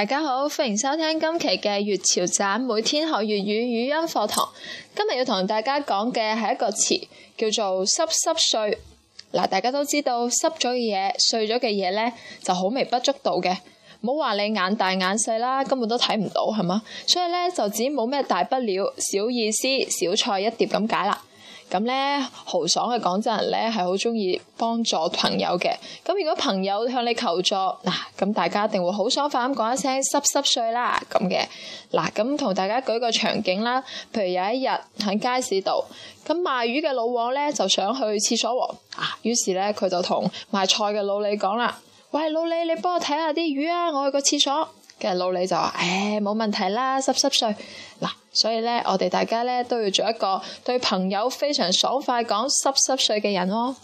大家好，歡迎收聽今期嘅粵潮站，每天學粵語語音課堂。今日要同大家講嘅係一個詞，叫做濕濕碎。嗱，大家都知道濕咗嘅嘢、碎咗嘅嘢咧，就好微不足道嘅。唔好話你眼大眼細啦，根本都睇唔到係咪，所以咧就只冇咩大不了，小意思，小菜一碟咁解啦。咁咧豪爽嘅廣州人咧係好中意幫助朋友嘅。咁如果朋友向你求助，嗱、啊、咁大家一定會好爽快咁講一聲濕濕碎啦咁嘅。嗱咁同大家舉個場景啦，譬如有一日喺街市度，咁、啊、賣魚嘅老王咧就想去廁所喎。啊，於是咧佢就同賣菜嘅老李講啦，喂，老李，你幫我睇下啲魚啊，我去個廁所。跟住老李就話，唉、哎，冇問題啦，濕濕碎。嗱、啊。所以咧，我哋大家咧都要做一個對朋友非常爽快講濕濕碎嘅人哦。